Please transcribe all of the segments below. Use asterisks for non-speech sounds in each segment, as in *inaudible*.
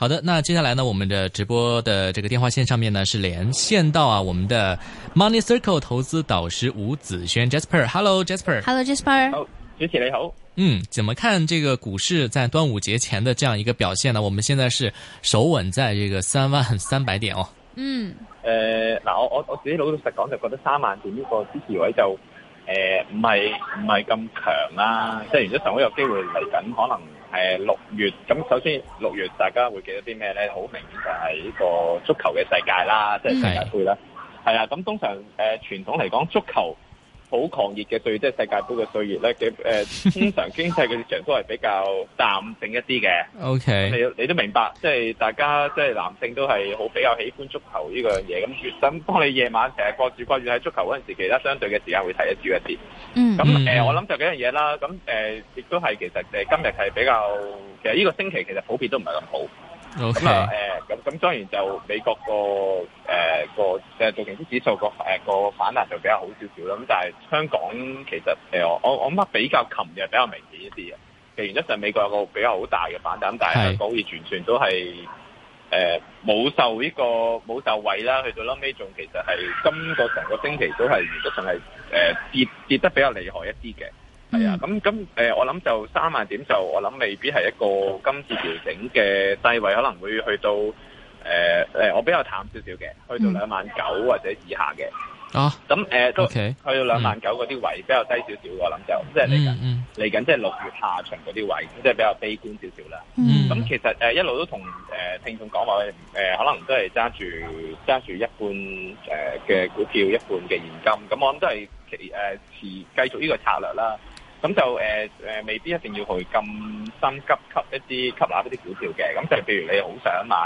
好的，那接下來呢，我們的直播的這個電話線上面呢，是連線到啊我們的 Money Circle 投資導師吳子軒 Jasper。Hello Jasper。Hello Jasper。哦，Hello. 主持人你好。嗯，怎麼看這個股市在端午節前的這樣一個表現呢？我們現在是守穩在這個三萬三百點哦。嗯，誒，嗱，我我我自己老實講，就覺得三萬點呢個支持位就誒唔係唔係咁強啦，啊，即係如果上會有機會嚟緊，可能。誒六月，咁首先六月大家會記得啲咩咧？好明顯就係呢個足球嘅世界啦，即係世界杯啦。係啊是的，咁通常，呃，傳統嚟講足球。好狂熱嘅對熱，即係世界盃嘅對熱咧嘅誒，通常經濟嘅市場都係比較淡靜一啲嘅。 *laughs* o Okay . K，你你都明白，即係大家即係男性都係好比較喜歡足球呢個樣嘢咁。咁當你夜晚成日掛住掛住喺足球嗰陣時，其他相對嘅時間會睇得少一啲。嗯， *laughs* 咁、呃、我諗就幾樣嘢啦。咁誒，亦、呃、都係其實今日係比較，其實呢個星期其實普遍都唔係咁好。咁當誒，咁咁沒、呃嗯、當然就美國、呃、個誒個誒道瓊斯指數個誒個反彈就比較好少少啦。咁但係香港其實誒、呃，我我諗比較近嘅比較明顯一啲嘅，其實原因就係美國有個比較好大嘅反彈，但係香港好似完全都係誒冇受呢、這個冇受惠啦。去到拉尾仲其實係今個成個星期都係，原則上係誒、呃、跌跌得比較厲害一啲嘅。係 *noise* 啊，咁、嗯、咁，誒、嗯嗯，我諗就三萬點就，我諗未必係一個今次調整嘅低位，可能會去到，誒，誒，我比較淡少少嘅，去到兩萬九或者以下嘅。啊，咁誒都去到兩萬九嗰啲位比較低少少，我諗就即係嚟緊嚟緊，即係六、嗯嗯、月下旬嗰啲位，即、就、係、是、比較悲觀少少啦。咁、嗯、其實誒、呃、一路都同誒聽眾講話，誒、呃、可能都係揸住揸住一半誒嘅股票，一半嘅現金，咁我諗都係期誒持繼續呢個策略啦。咁就誒、呃呃、未必一定要去咁心急吸一啲吸納一啲股票嘅。咁就係譬如你好想買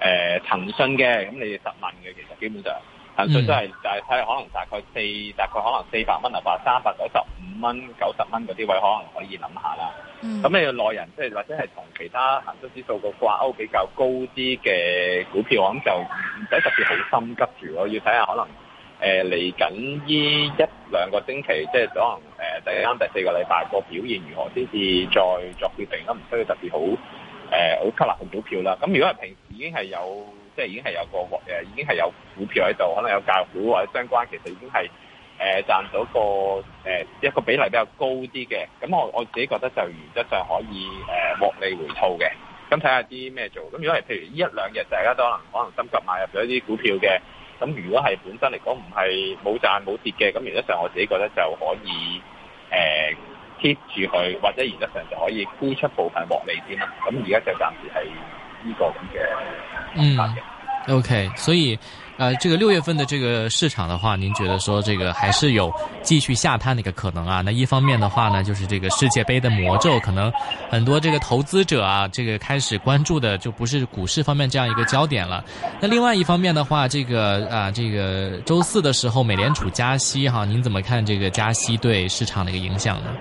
誒騰訊嘅，咁、呃、你十蚊嘅其實基本上騰訊都係誒睇下可能大概四大概可能四百蚊啊，或三百九十五蚊、九十蚊嗰啲位，可能可以諗下啦。咁、嗯、你內人即係或者係同其他恆生指數個掛鈎比較高啲嘅股票，我諗就唔使特別好心急住咯，要睇下可能。誒嚟緊依一兩個星期，即係可能誒第三第四個禮拜個表現如何先至再作決定啦，唔需要特別好誒好吸納新股票啦。咁如果係平時已經係有，即係已經係有個誒，已經係有股票喺度，可能有教育股或者相關，其實已經係誒賺到個誒一個比例比較高啲嘅。咁我我自己覺得就原則上可以誒獲利回吐嘅。咁睇下啲咩做。咁如果係譬如依一兩日，大家都可能可能心急買入咗啲股票嘅。咁如果係本身嚟講唔係冇賺冇跌嘅，咁原則上我自己覺得就可以，誒、呃，keep 住佢，或者原則上就可以沽出部分獲利添啦。咁而家就暫時係呢個咁嘅睇法嘅。O、okay, K，所以。呃，這個六月份的這個市場的話，您覺得說這個還是有繼續下探的一個可能啊？那一方面的話呢，就是這個世界杯的魔咒，可能很多這個投資者啊，這個開始關注的就不是股市方面這樣一個焦點了。那另外一方面的話，這個啊，這個週四的時候，美聯儲加息哈、啊，您怎麼看這個加息對市場的一個影響呢？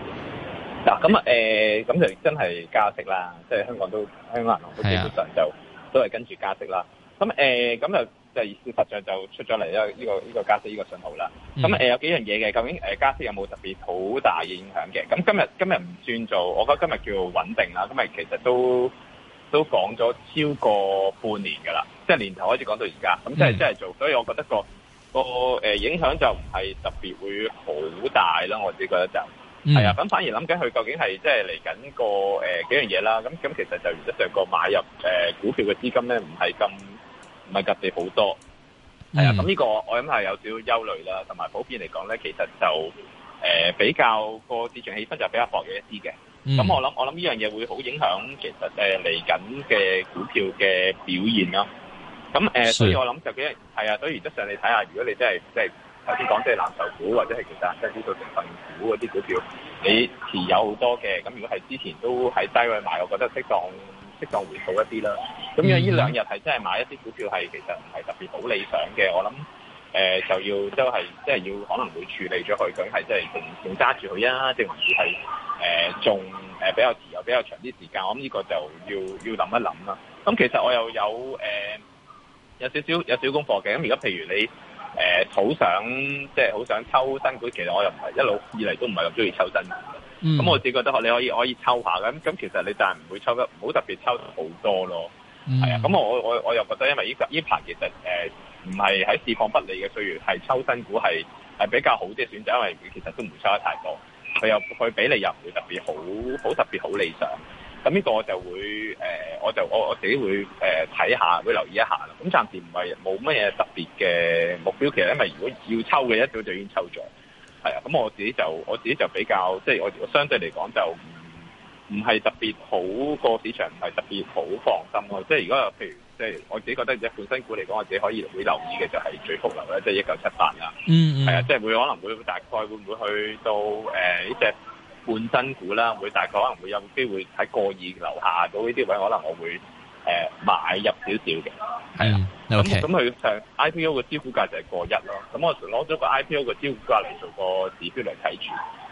咁啊，誒、呃，咁就真係加息啦，即、就、係、是、香港都香港銀行都基本上就都係跟住加息啦。咁誒是、啊，咁、呃、就。即係意思，實際上就出咗嚟呢個呢個加息呢個信號啦。咁、嗯嗯嗯、有幾樣嘢嘅，究竟加息有冇特別好大影響嘅？咁今日今日唔算做，我覺得今日叫穩定啦。今日其實都都講咗超過半年噶啦，即係年頭開始講到而家，咁即係即係做，所以我覺得個個、呃、影響就唔係特別會好大啦。我自己覺得就係啊，咁、嗯、反而諗緊佢究竟係即係嚟緊個、呃、幾樣嘢啦。咁咁其實就原則上個買入、呃、股票嘅資金咧，唔係咁。咪隔離好多，係啊、嗯，咁呢、嗯、個我諗係有少少憂慮啦，同埋普遍嚟講咧，其實就誒、呃、比較個市場氣氛就比較薄弱一啲嘅。咁、嗯、我諗我諗呢樣嘢會好影響其實誒嚟緊嘅股票嘅表現啦。咁、嗯、誒，所、呃、以了我諗就幾係，係啊，所以原則上你睇下，如果你真係即係頭先講即係藍籌股或者係其他即係叫做成份股嗰啲股票，你持有好多嘅，咁如果係之前都喺低位買，我覺得適當適當回吐一啲啦。咁樣呢兩日係真係買一啲股票係其實唔係特別好理想嘅，我諗誒、呃、就要都係即係要可能會處理咗佢，佢係即係仲仲揸住佢啊，定還是係誒仲比較自由比較長啲時間，我諗呢個就要要諗一諗啦。咁、嗯嗯、其實我又有誒、呃、有少少有少少功課嘅。咁而家譬如你誒好、呃、想即係好想抽新股，其實我又唔係一路以嚟都唔係咁中意抽新股咁，嗯嗯、我自己覺得你可以可以抽下咁。咁其實你但係唔會抽得唔好特別抽好多咯。係、mm hmm. 啊，咁我我我又覺得，因為呢個呢排其實誒唔係喺市況不利嘅歲月，係抽新股係係比較好啲嘅選擇，因為其實都唔差太多，佢又佢比例又唔會特別好好特別好理想。咁呢個我就會誒、呃，我就我我自己會睇、呃、下，會留意一下啦。咁暫時唔係冇乜嘢特別嘅目標，其實因為如果要抽嘅一早就已經抽咗，係啊。咁我自己就我自己就比較即係我相對嚟講就。唔係特別好個市場，唔係特別好放心咯。即係如果有譬如，即係我自己覺得隻半新股嚟講，我自己可以會留意嘅就係聚福樓啦，即係一九七八啦。嗯係啊，即係會可能會大概會唔會去到呢隻、呃這個、半新股啦？會大概可能會有機會喺過二樓下到呢啲位，可能我會、呃、買入少少嘅。係啊、mm。咁佢上 I P O 個招股價就係過一咯。咁我攞咗個 I P O 個招股價嚟做個指標嚟睇住。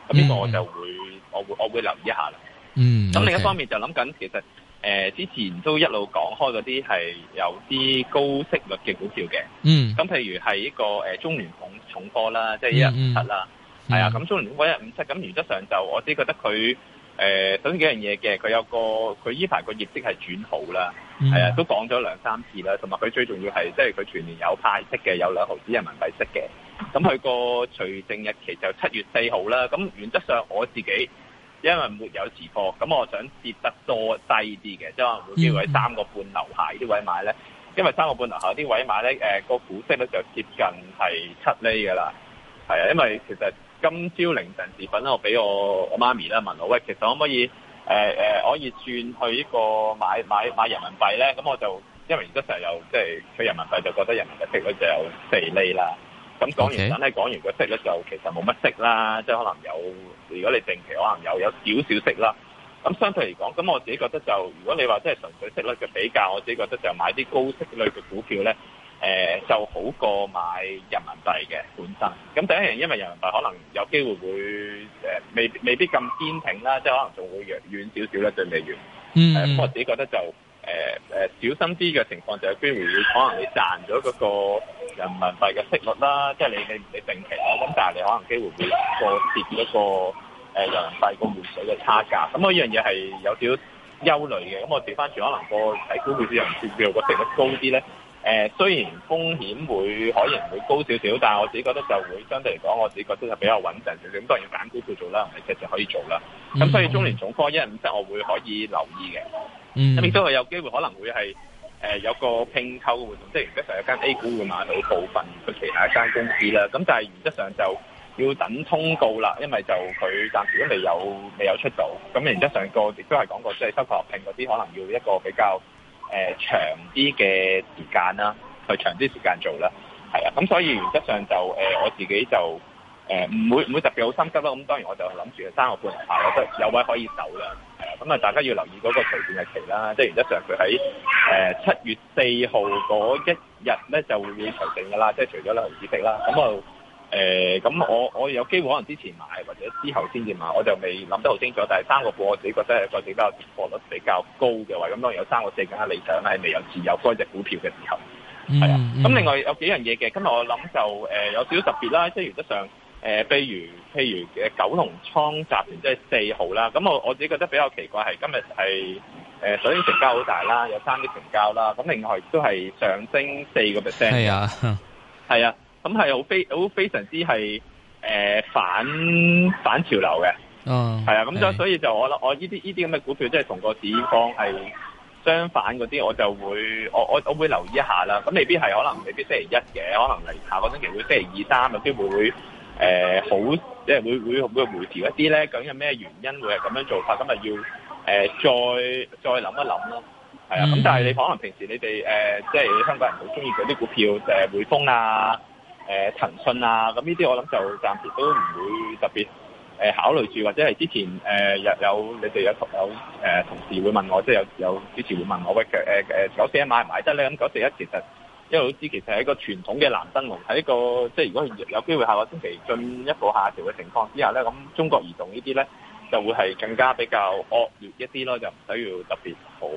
咁呢個我就會、mm hmm. 我會我會留意一下啦。嗯，咁另一方面就諗緊，Okay. 其實誒、呃、之前都一路講開嗰啲係有啲高息率嘅股票嘅，嗯，咁譬如係呢個誒、呃、中聯重科啦，即係一五七啦，係、嗯、啊，咁中聯重科一五七，咁原則上就我自己覺得佢誒首先幾樣嘢嘅，佢有個佢依排個業績係轉好啦，係、嗯、啊，都講咗兩三次啦，同埋佢最重要係即係佢全年有派息嘅，有兩毫子人民幣息嘅，咁佢個除淨日期就七月四號啦，咁原則上我自己。因為沒有持貨，咁我想跌得多低啲嘅，即係話會機會喺三個半樓下呢啲位買咧。因為三個半樓下啲位買咧，誒、呃、個股息咧就接近係七厘嘅啦。係啊，因為其實今朝凌晨時分咧，我俾我，我媽咪咧問我，喂，其實可唔可以誒誒、呃呃、可以轉去呢個買買買人民幣咧？咁我就因為而家成日有，即係佢人民幣就覺得人民幣息率就有四厘啦。咁講完等你講完個息咧就其實冇乜息啦，即係可能有，如果你定期可能有有少少息啦。咁相對嚟講，咁我自己覺得就如果你話即係純粹息率嘅比較，我自己覺得就買啲高息類嘅股票咧、呃，就好過買人民幣嘅本身。咁第一樣因為人民幣可能有機會會、呃、未未必咁堅挺啦，即係可能仲會弱少少咧對美元。咁我自己覺得就。呃 mm hmm. 誒，小心啲嘅情況就係機會可能你賺咗嗰個人民幣嘅息率啦，即係你嘅你定期啦，咁但係你可能機會會過跌一個，誒人民幣個匯水嘅差價，咁啊呢樣嘢係有少少憂慮嘅，咁我調返轉可能個睇機會啲人股票個息率高啲呢。誒、呃、雖然風險會可能會高少少，但我自己覺得就會相對嚟講，我自己覺得就比較穩定少少。當然要揀股票做啦，唔係即就可以做啦。咁、嗯、所以中聯重科、嗯、一五七，我會可以留意嘅。咁亦都係有機會可能會係、呃、有個併購嘅活動，即係原則上一間 A 股會買到部分佢其他一間公司啦。咁但係原則上就要等通告啦，因為就佢暫時都未有未有出到。咁原則上、那個亦都係講過，即、就、係、是、收購合併嗰啲，可能要一個比較。誒、呃、長啲嘅時間啦，去長啲時間做啦，係啊，咁所以原則上就誒、呃、我自己就誒唔、呃、會唔會特別好心急啦。咁當然我就諗住三個半日派，我覺得有位可以走啦。咁、呃、啊，大家要留意嗰個除權日期啦，即係原則上佢喺誒七月四號嗰一日咧就會除淨㗎啦，即係除咗兩毫紙息啦，咁啊。誒咁，呃、我我有機會可能之前買或者之後先至買，我就未諗得好清楚。但係三個股我自己覺得係個比較跌破率比較高嘅話，咁當然有三個四更加理想，係未有持有嗰隻股票嘅時候。嗯、啊，咁另外有幾樣嘢嘅，今日我諗就、呃、有少少特別啦，即係原則上誒、呃，譬如譬如九龍倉集團即係四號啦。咁我我自己覺得比較奇怪係今日係誒首先成交好大啦，有三啲成交啦。咁另外都係上升四個 percent 係啊，係啊。咁係好非好非常之係誒、呃、反反潮流嘅，係、oh, 啊，咁的所以就我諗，我呢啲呢啲咁嘅股票即係、就是、同個市況係相反嗰啲，我就會我我我會留意一下啦。咁未必係可能未必星期一嘅，可能嚟下個星期會,星期,會星期二三，有、呃、啲會會好即係會會會回調一啲咧。究竟有咩原因會係咁樣做法？咁咪要誒、呃、再再諗一諗咯。係啊，咁、mm hmm. 但係你可能平時你哋誒、呃、即係香港人好中意嗰啲股票誒匯豐啊。呃誒騰訊啊，咁呢啲我諗就暫時都唔會特別誒考慮住，或者係之前誒有有你哋有同有同事會問我，即係有有之前會問我，喂，九四一買唔買得咧？咁九四一其實因為好知其實係一個傳統嘅藍燈籠，喺個即係如果有機會下個星期進一步下調嘅情況之下咧，咁中國移動呢啲咧就會係更加比較惡劣一啲咯，就唔使要特別好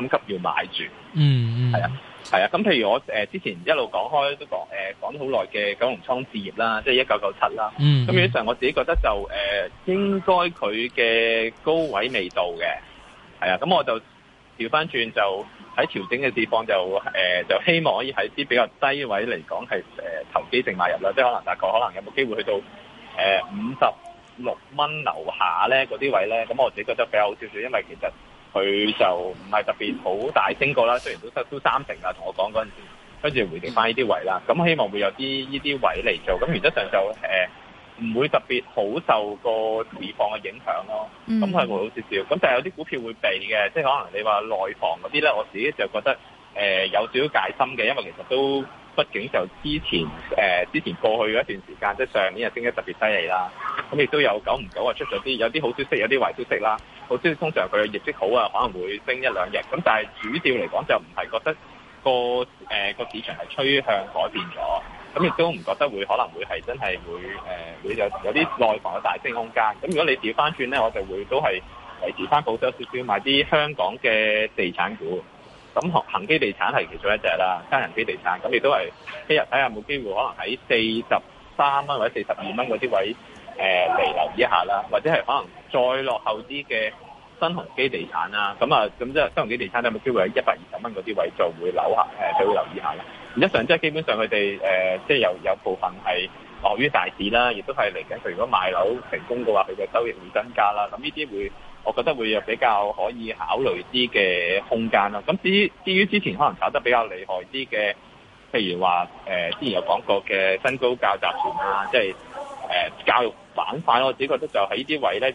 心急要買住。嗯。係啊，係啊，咁譬如我、呃、之前一路講開都講、呃、講咗好耐嘅九龍倉置業啦，即係一九九七啦，咁於是上我自己覺得就誒、呃、應該佢嘅高位未到嘅，係啊，咁我就調翻轉就喺調整嘅地方就誒、呃、就希望可以喺啲比較低位嚟講係、呃、投資性買入啦，即係可能大概可能有冇機會去到誒五十六蚊樓下咧嗰啲位咧，咁我自己覺得比較好少少，因為其實。佢就唔係特別好大升過啦，雖然都都三成啦，同我講嗰陣時，跟住回調翻呢啲位啦。咁希望會有啲呢啲位嚟做，咁原則上就誒唔、呃、會特別好受個市況嘅影響咯。咁係會好少少，咁、嗯、但係有啲股票會避嘅，即係可能你話內房嗰啲咧，我自己就覺得誒、呃、有少少戒心嘅，因為其實都。畢竟就之前誒、呃、之前過去嗰一段時間，即係上年就升得特別犀利啦。咁亦都有久唔久啊出咗啲有啲好消息，有啲壞消息啦。好消息，通常佢嘅業績好啊，可能會升一兩日。咁但係主調嚟講就唔係覺得、個誒個、呃、市場係趨向改變咗。咁亦都唔覺得會可能會係真係會誒會、呃、有有啲內房嘅大升空間。咁如果你調翻轉咧，我就會都係維持翻保守少少買啲香港嘅地產股。咁恆基地產係其中一隻啦，佳人基地產咁亦都係聽日睇下有冇機會，可能喺四十三蚊或者四十二蚊嗰啲位誒嚟、呃、留意一下啦，或者係可能再落後啲嘅新鴻基地產啦。咁啊，咁即係新鴻基地產有冇機會喺一百二十蚊嗰啲位做會留下，誒、呃，就會留意下啦。一樣即係基本上佢哋誒，即、呃、係、就是、有有部分係落於大市啦，亦都係嚟緊。佢如果賣樓成功嘅話，佢嘅收益會增加啦。咁呢啲會。我覺得會有比較可以考慮啲嘅空間咯。咁至於至於之前可能炒得比較厲害啲嘅，譬如話誒、呃、之前有講過嘅新高教集團啊，即係誒教育板塊，我自己覺得就喺呢啲位咧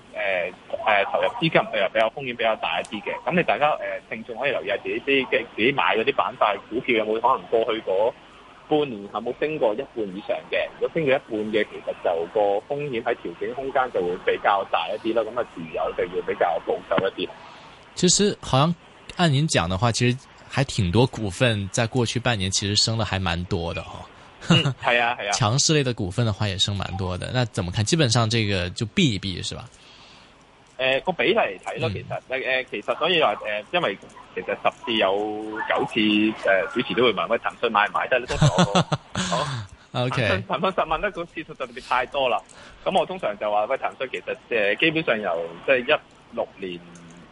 誒誒投入資金，佢又比較風險比較大一啲嘅。咁你大家誒聽眾可以留意下自己啲嘅自己買嗰啲板塊股票有冇可能過去過半年是沒有冇升過一半以上嘅？如果升過一半嘅，其實就個風險喺調整空間就會比較大一啲啦。咁啊，持有就要比較保守一啲。其實，好像按您講的話，其實還挺多股份在過去半年其實升得還蠻多的，嗬。嗯，係 *laughs* 啊，係啊。強勢類的股份的話，也升蠻多的。那怎麼看？基本上這個就避一避，是吧？誒個、呃、比例嚟睇咯，其實、嗯呃、其實所以話因為其實十次有九次誒、呃，主持都會問喂，騰訊買唔買？即係咧都講 *laughs* 好，O K。憑我實問咧，淡淡那個次數就特別太多啦。咁我通常就話喂，騰訊其實誒、呃、基本上由即係一六年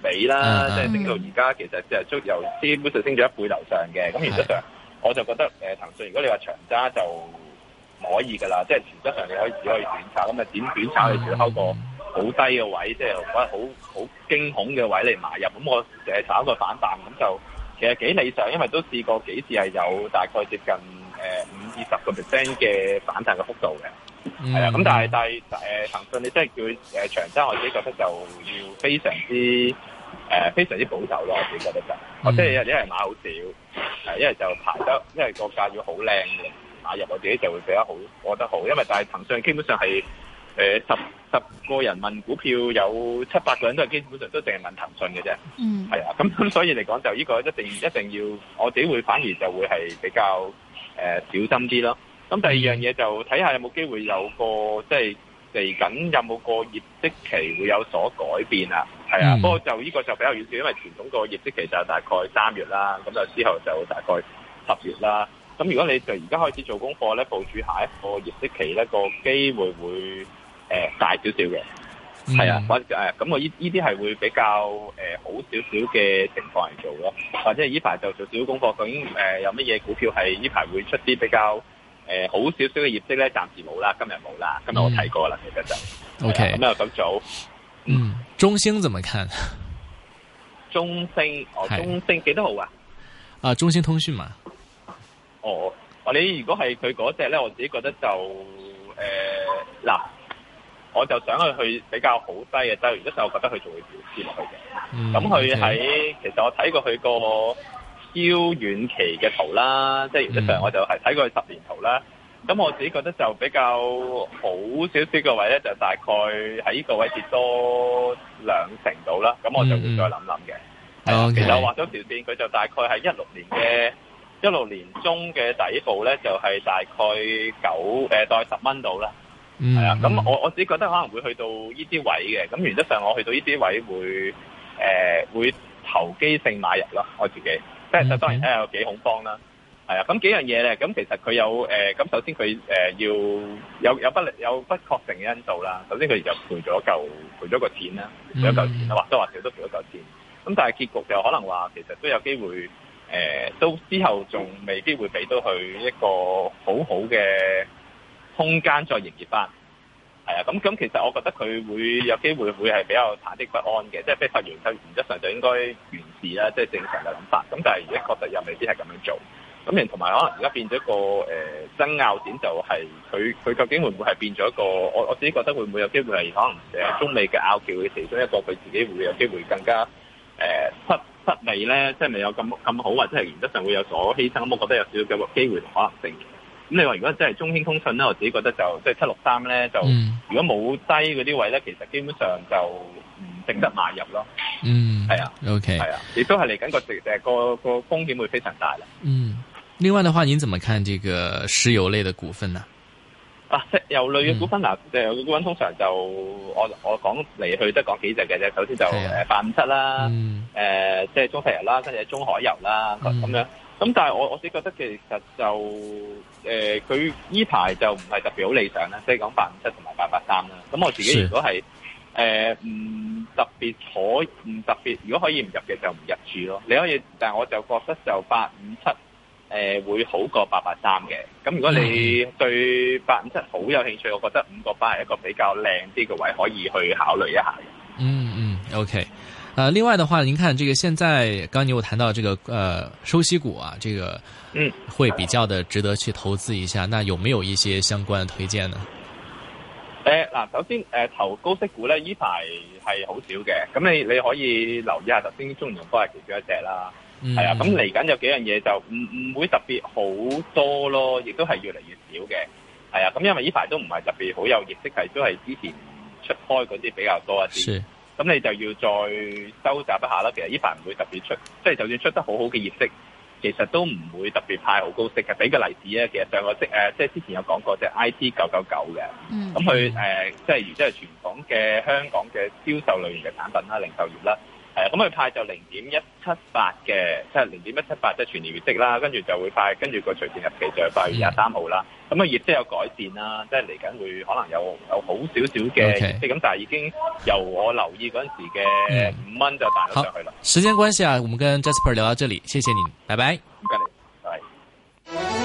尾啦，嗯、即係升到而家，其實即係足由基本上升咗一倍以上嘅。咁原則上，是我就覺得誒騰訊如果你話長揸就唔可以㗎啦。即係原則上你可以只可以短炒，咁啊點短炒你只要 hold 過。嗯嗯好低嘅位，即係好好驚恐嘅位嚟買入，咁我淨係炒一個反彈，咁就其實幾理想，因為都試過幾次係有大概接近誒五至十個 percent 嘅反彈嘅幅度嘅，係啊、mm，咁、hmm. 但係但係誒騰訊，你真係叫長週，我自己覺得就要非常之、呃、非常之保守咯，我自己覺得就，我即係、就是 mm hmm. 因為買好少，因為就排得，因為個價要好靚嘅買入，我自己就會比較好，我覺得好，因為但係騰訊基本上係。誒、呃，十十個人問股票，有七八個人都係基本上都淨係問騰訊嘅啫，係啊、嗯，咁咁、嗯、所以嚟講就呢個一定一定要我自己會反而就會係比較誒、呃、小心啲咯。咁、嗯、第二樣嘢就睇下有冇機會有個即係嚟緊有冇個業績期會有所改變啊？係啊，嗯、不過就呢個就比較遠少，因為傳統個業績期就大概三月啦，咁就之後就大概十月啦。咁、嗯嗯、如果你就而家開始做功課咧，部署下一個業績期咧、那個機會會誒、呃，大少少嘅，係、嗯、啊做，或者誒，咁我呢依啲係會比較誒、呃、好少少嘅情況嚟做咯，或者呢排就做少少功課。究竟誒，有乜嘢股票係呢排會出啲比較誒好少少嘅業績咧？暫時冇啦，今日冇啦，今日我睇過啦，其實就，O K。咁又咁早，啊、okay, 嗯，中興怎麼看？中興，哦，是中興幾多號啊？啊，中興通訊嘛？哦，我、啊、你如果係佢嗰隻咧，我自己覺得就誒嗱。呃我就想去比較好低嘅低位，因為我覺得佢仲會跌落去嘅。咁佢喺其實我睇過佢個超遠期嘅圖啦，即係、嗯、原則上我就係睇過佢十年圖啦。咁我自己覺得就比較好少少嘅位咧，就大概喺呢個位跌多兩成度啦。咁我就會再諗諗嘅。其實我畫咗條線，佢就大概係一六年嘅一六年中嘅底部咧，就係、是、大概九誒、呃，大概十蚊度啦。係啊，咁我我自己覺得可能會去到呢啲位嘅。咁原則上我去到呢啲位會誒會投機性買入咯，我自己，即係當然睇下有幾恐慌啦，係啊，咁幾樣嘢咧，咁其實佢有誒，咁首先佢誒要有有不有不確定嘅因素啦，首先佢就賠咗嚿賠咗個錢啦，賠咗嚿錢啦，或多或少都賠咗嚿錢，咁但係結局就可能話其實都有機會誒，都之後仲未必會俾到佢一個好好嘅。空間再營業翻，係啊，咁咁其實我覺得佢會有機會會係比較忐忑不安嘅，即係非法原則原則上就應該完事啦，即係正常嘅諗法。咁但係而家確實又未必係咁樣做。咁然同埋可能而家變咗一個誒爭拗點就係佢佢究竟會唔會係變咗一個？我我自己覺得會唔會有機會係可能誒中美嘅拗撬嘅其中一個，佢自己會有機會更加誒失失利咧，即係未有咁咁好，或者係原則上會有所犧牲。我覺得有少少嘅機會同可能性。咁你話如果真係中興通訊咧，我自己覺得就即係七六三咧，就，是呢就嗯、如果冇低嗰啲位咧，其實基本上就唔值得買入咯。嗯，係啊，OK，係啊，亦 okay.、啊、都係嚟緊個成誒、那個、那個風險會非常大啦。嗯，另外嘅話，你怎麼看這個石油類的股份呢？啊，石、就是、油類嘅股份嗱、啊，就油嘅股份通常就我我講嚟去都係講幾隻嘅啫。首先就誒八、啊呃、五七啦，誒即係中石油啦，跟、就、住、是、中海油啦咁、嗯、樣。咁但係我我自己覺得其實就誒佢依排就唔係特別好理想啦，即係講八五七同埋八八三啦。咁我自己如果係誒唔特別可唔特別，如果可以唔入嘅就唔入住咯。你可以，但係我就覺得就八五七誒會好過八八三嘅。咁如果你對八五七好有興趣，我覺得五個八係一個比較靚啲嘅位可以去考慮一下嘅、嗯。嗯嗯，OK。呃，另外的話，您看這個現在，剛你有談到這個，呃，收息股啊，這個會比較的值得去投資一下，那有沒有一些相關的推薦呢？誒，嗱，首先誒、呃，投高息股咧依排係好少嘅，咁你你可以留意一下，頭先中融科係其中一隻啦，係、嗯、啊，咁嚟緊有幾樣嘢就唔唔會特別好多咯，亦都係越嚟越少嘅，係啊，咁因為依排都唔係特別好有業績，係都係之前出開嗰啲比較多一啲。是咁你就要再收集一下啦。其實依排唔會特別出，即、就、係、是、就算出得好好嘅業績，其實都唔會特別派好高息嘅。俾個例子啊，其實上個息誒，即、呃、之前有講過隻 I T 999嘅，咁佢即係即係傳統嘅香港嘅銷售類型嘅產品啦、零售業啦，咁、呃、佢派就0.178嘅，即、就、係、是、0.178即全年業績啦，跟住就會派，跟住個除息日期就係八月廿三號啦。嗯。咁啊，亦都有改善啦，即係嚟緊會可能有有好少少嘅，即咁，但係已經由我留意嗰陣時嘅五蚊就彈咗上去啦、okay. yeah.。時間關係啊，我們跟 Jasper 聊到這裡，謝謝您，拜拜。唔該你，拜拜。